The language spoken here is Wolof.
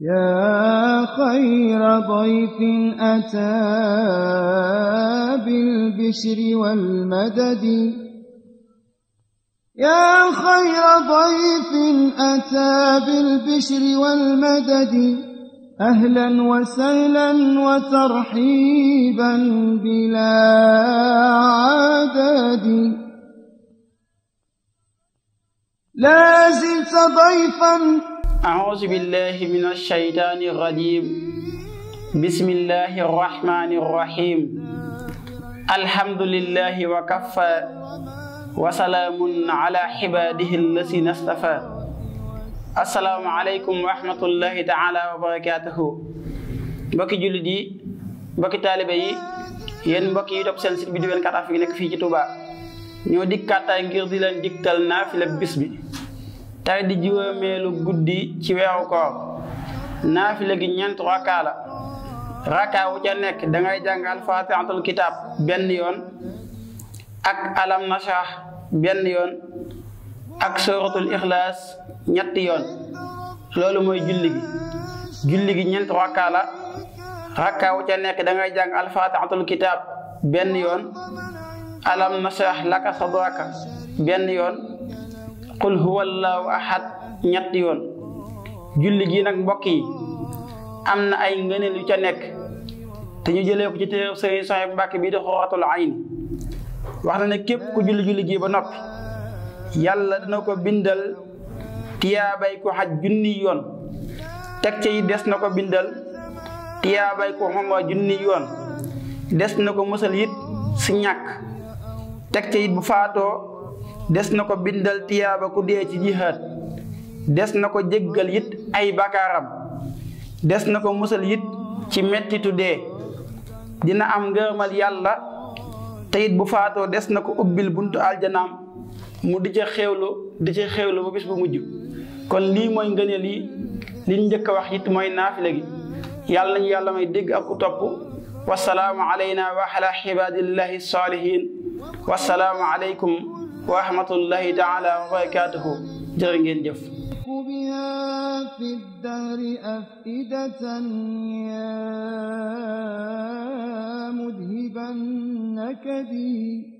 يا خير ضيف أتى بالبشر والمدد يا خير ضيف أتى بالبشر والمدد أهلا وسهلا وترحيبا بلا عدد لا زلت ضيفا أعوذ بالله من الشيطان الرجيم بسم الله الرحمن الرحيم الحمد لله وكفى وسلام على عباده الذين اصطفى السلام عليكم ورحمة الله تعالى وبركاته بكي جلدي بكي طالبي yéen mbokk yi topp seen site bi di 24 Afrique nekk fii ci Touba ñoo dikkaataay ngir di bis bi tay di juróomeelu guddi ci weeru koor naafila gi ñent raka la raka wu ca nekk da ngay jàng alfaatihatul kitab benn yoon ak alam nashah benn yoon ak suratul ikhlas ñetti yoon loolu mooy julli gi julli gi ñent raka la raka wu ca nekk da ngay jàng kitab benn yoon alam nashah laka sadraka benn yoon qul huwa allahu ahad ñett yoon julli gi nag mbokk yi am na ay ngëneel yu ca nekk te ñu jëlee ko ci téere sëriñ Sohaybu Mbàkke bii di xooratul ayn wax na ne képp ku julli julli gi ba nopp yàlla dana ko bindal tiyaabay ko xaj junni yoon teg ca des na ko bindal tiyaabay ko xongo junni yoon des na ko musal it si ñàkk teg ca bu faatoo des na ko bindal tiyaaba ku dee ci jihaad des na ko jëggal it ay bakaaram des na ko musal yit ci mettitu dee dina am ngërmal yàlla te bu faatoo des na ko ubbil buntu aljanaam mu di ca xewlu di ca xewlu ba bis bu mujj kon lii mooy ngëneel yi liñ njëkk a wax it mooy naafile gi yàlla nañu yàlla may dégg ak ku topp wasalaamu alayna wa ala ibadillahi salihin wasalaamu ورحمة الله تعالى وبركاته جرنجين جف بها في الدار أفئدة يا مذهب النكدي